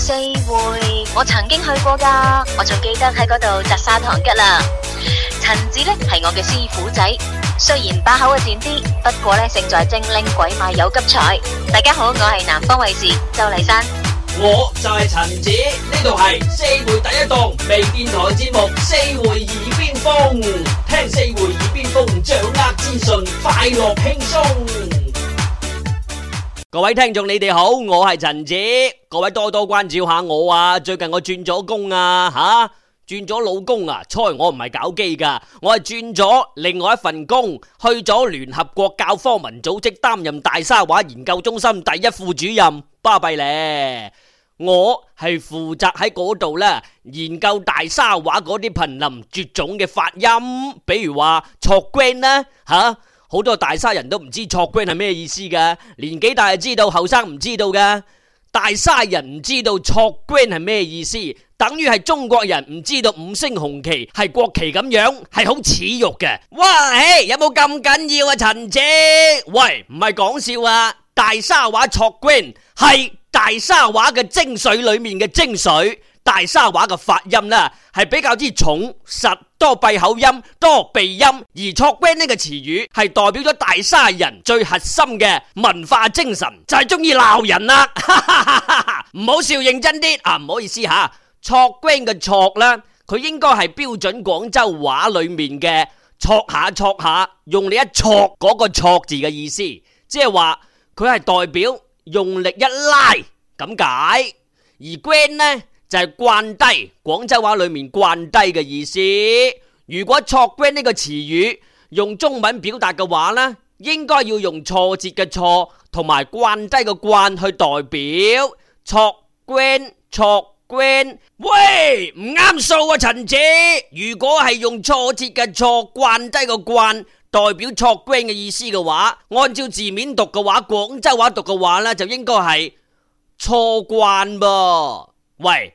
四會，我曾經去過噶，我仲記得喺嗰度摘砂糖桔啦。陳子咧係我嘅師傅仔，雖然把口嘅賤啲，不過咧勝在精靈鬼賣有急才。大家好，我係南方衛視周麗珊，我就係陳子，呢度係四會第一檔微電台節目《四會耳邊風》，聽四會耳邊風，掌握資訊，快樂輕鬆。各位聽眾，你哋好，我係陳子，各位多多關照下我啊！最近我轉咗工啊，吓，轉咗老公啊，猜我唔係搞基噶，我係轉咗另外一份工，去咗聯合國教科文組織擔任大沙話研究中心第一副主任，巴閉咧，我係負責喺嗰度啦，研究大沙話嗰啲瀕臨絕種嘅發音，比如話挫摜啦，吓。好多大沙人都唔知挫摜係咩意思㗎，年紀大就知道，後生唔知道㗎。大沙人唔知道挫摜係咩意思，等於係中國人唔知道五星紅旗係國旗咁樣，係好恥辱嘅。哇，有冇咁緊要啊？陳姐，喂，唔係講笑啊！大沙話挫摜係大沙話嘅精髓裏面嘅精髓。大沙話嘅發音呢，係比較之重實，多閉口音，多鼻音。而挫摜呢個詞語係代表咗大沙人最核心嘅文化精神，就係中意鬧人啦、啊。唔好笑，認真啲啊！唔好意思吓，挫摜嘅挫呢，佢、ok ok、應該係標準廣州話裏面嘅挫下挫下，用你一挫嗰個挫字嘅意思，即係話佢係代表用力一拉咁解。而摜呢？就係摜低，廣州話裏面摜低嘅意思。如果挫摜呢個詞語用中文表達嘅話呢，應該要用挫折嘅挫同埋摜低嘅摜去代表挫摜挫摜。喂，唔啱數啊，陳姐。如果係用挫折嘅挫摜低嘅摜代表挫摜嘅意思嘅話，按照字面讀嘅話，廣州話讀嘅話呢，就應該係挫摜噃，喂。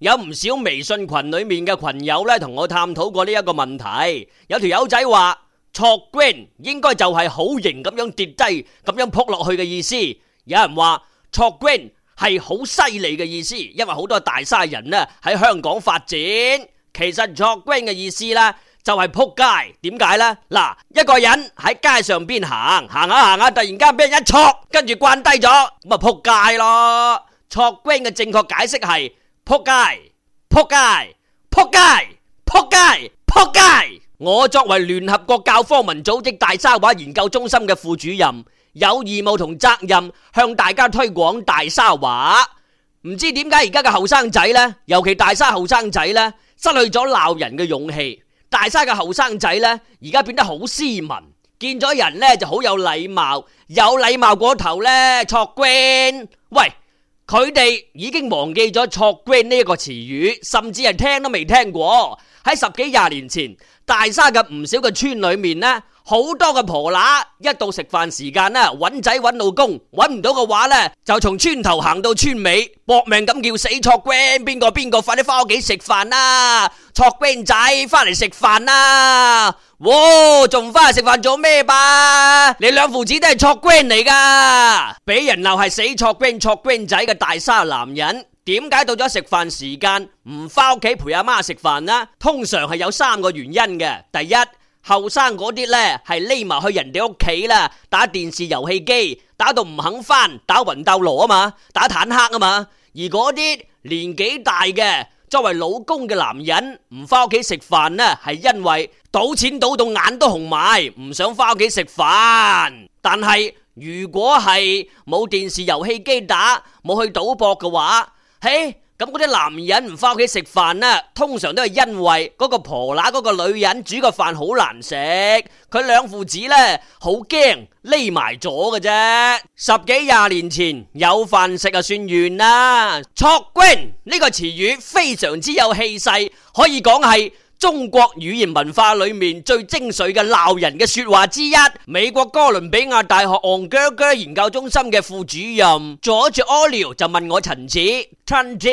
有唔少微信群裏面嘅群友呢，同我探討過呢一個問題。有條友仔話，挫摜應該就係好型咁樣跌低咁樣撲落去嘅意思。有人話挫摜係好犀利嘅意思，因為好多大沙人咧喺香港發展。其實挫摜嘅意思呢，就係撲街。點解呢？嗱，一個人喺街上邊行行下、啊、行下、啊，突然間俾人一挫，跟住摜低咗，咁咪撲街咯。挫摜嘅正確解釋係。仆街，仆街，仆街，仆街，仆街！我作為聯合國教科文組織大沙話研究中心嘅副主任，有義務同責任向大家推廣大沙話。唔知點解而家嘅後生仔呢，尤其大沙後生仔呢，失去咗鬧人嘅勇氣。大沙嘅後生仔呢，而家變得好斯文，見咗人呢就好有禮貌，有禮貌過頭呢，挫摜喂。佢哋已經忘記咗挫摜呢一個詞語，甚至係聽都未聽過。喺十幾廿年前，大沙嘅唔少嘅村裏面咧，好多嘅婆乸一到食飯時間咧，揾仔揾老公，揾唔到嘅話呢就從村頭行到村尾，搏命咁叫死挫摜，邊個邊個快啲翻屋企食飯啦，挫摜仔翻嚟食飯啦。哇！仲翻嚟食飯做咩吧？你兩父子都係挫摜嚟噶，俾人鬧係死挫摜、挫摜仔嘅大沙男人。點解到咗食飯時間唔翻屋企陪阿媽食飯啦？通常係有三個原因嘅。第一，後生嗰啲咧，係匿埋去人哋屋企啦，打電視遊戲機打到唔肯翻，打魂鬥羅啊嘛，打坦克啊嘛。而嗰啲年紀大嘅作爲老公嘅男人唔翻屋企食飯咧，係因爲。賭錢賭到眼都紅埋，唔想翻屋企食飯。但係如果係冇電視、遊戲機打，冇去賭博嘅話，嘿，咁嗰啲男人唔翻屋企食飯啦，通常都係因為嗰個婆乸、嗰個女人煮個飯好難食，佢兩父子呢，好驚匿埋咗嘅啫。十幾廿年前有飯食啊，算完啦。挫摜呢個詞語非常之有氣勢，可以講係。中國語言文化裏面最精髓嘅鬧人嘅說話之一，美國哥倫比亞大學昂哥哥研究中心嘅副主任佐治奧廖就問我陳子，陳子，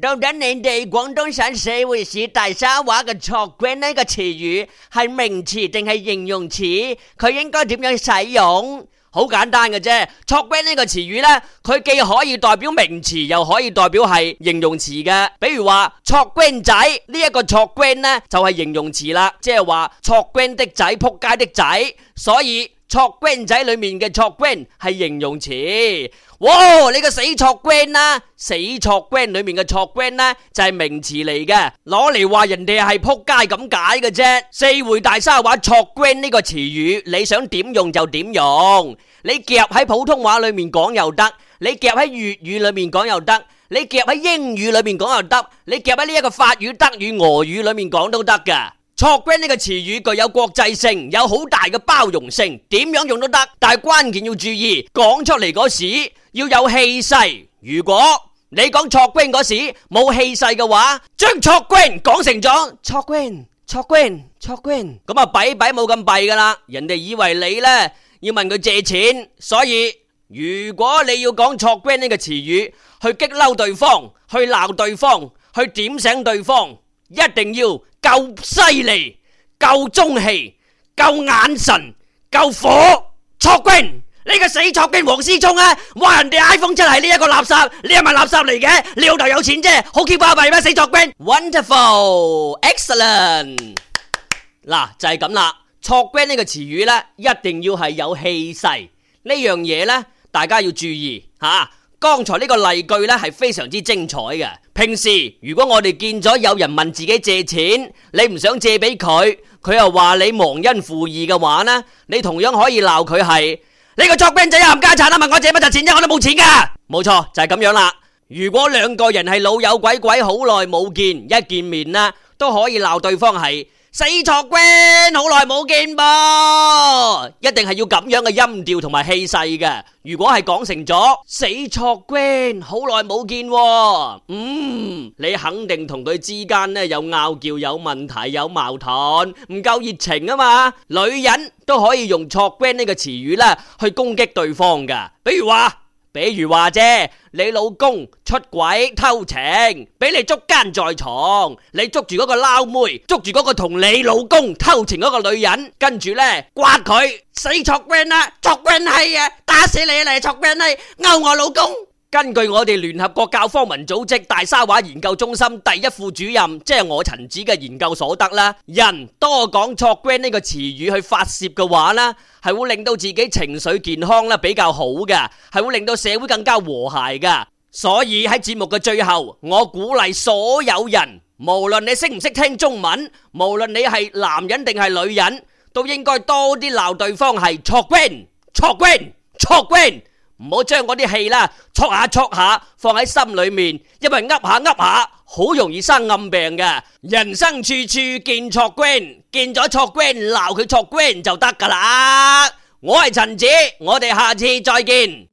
到底你哋廣東省四會市大沙話嘅挫摜呢個詞語係名詞定係形容詞？佢應該點樣使用？好簡單嘅啫。挫摜呢個詞語呢，佢既可以代表名詞，又可以代表係形容詞嘅。比如話挫摜仔呢一個挫摜呢，就係形容詞啦，即係話挫摜的仔，扑街的仔，所以。挫摜仔裏面嘅挫摜係形容詞，哇！你個死挫摜啦，死挫摜裏面嘅挫摜咧就係名詞嚟嘅，攞嚟話人哋係撲街咁解嘅啫。四會大沙話挫摜呢個詞語，你想點用就點用，你夾喺普通話裏面講又得，你夾喺粵語裏面講又得，你夾喺英語裏面講又得，你夾喺呢一個法語、德語、俄語裏面講都得噶。挫摜呢個詞語具有國際性，有好大嘅包容性，點樣用都得。但係關鍵要注意，講出嚟嗰時要有氣勢。如果你講挫摜嗰時冇氣勢嘅話，將挫摜講成咗挫摜、挫摜、挫摜，咁啊擺擺冇咁弊噶啦。人哋以為你呢要問佢借錢，所以如果你要講挫摜呢個詞語去激嬲對方、去鬧對方、去點醒對方。一定要夠犀利、夠中氣、夠眼神、夠火，挫摜呢個死挫摜王思聰啊，話人哋 iPhone 真係呢一個垃圾，你係咪垃圾嚟嘅？你老豆有錢啫，好巴閉咩？死挫摜，wonderful，excellent，嗱就係咁啦，挫摜呢個詞語呢，一定要係有氣勢呢樣嘢呢，大家要注意吓。剛才呢個例句咧係非常之精彩嘅。平時如果我哋見咗有人問自己借錢，你唔想借俾佢，佢又話你忘恩負義嘅話呢？你同樣可以鬧佢係你個作兵仔冚家鏟啦！問我借乜就錢啫，我都冇錢噶。冇錯，就係、是、咁樣啦。如果兩個人係老友鬼鬼好耐冇見，一見面呢都可以鬧對方係。死挫摜，好耐冇見啵！一定係要咁樣嘅音調同埋氣勢嘅。如果係講成咗死挫摜，好耐冇見，嗯，你肯定同佢之間咧有拗撬、有問題、有矛盾，唔夠熱情啊嘛！女人都可以用挫摜呢個詞語啦，去攻擊對方噶。比如話。比如話啫，你老公出軌偷情，俾你捉姦在床，你捉住嗰個撈妹，捉住嗰個同你老公偷情嗰個女人，跟住咧刮佢死挫摜啦，挫摜氣啊，打死你嚟挫摜氣勾我老公。根據我哋聯合國教科文組織大沙話研究中心第一副主任，即係我陳子嘅研究所得啦，人多講挫摜呢個詞語去發洩嘅話啦，係會令到自己情緒健康啦比較好嘅，係會令到社會更加和諧噶。所以喺節目嘅最後，我鼓勵所有人，無論你識唔識聽中文，無論你係男人定係女人，都應該多啲鬧對方係挫摜、挫摜、挫摜。唔好將嗰啲氣啦，挫下挫下，放喺心裏面，因為噏下噏下，好容易生暗病嘅。人生處處見錯官，見咗錯官，鬧佢錯官就得㗎喇。我係陳子，我哋下次再見。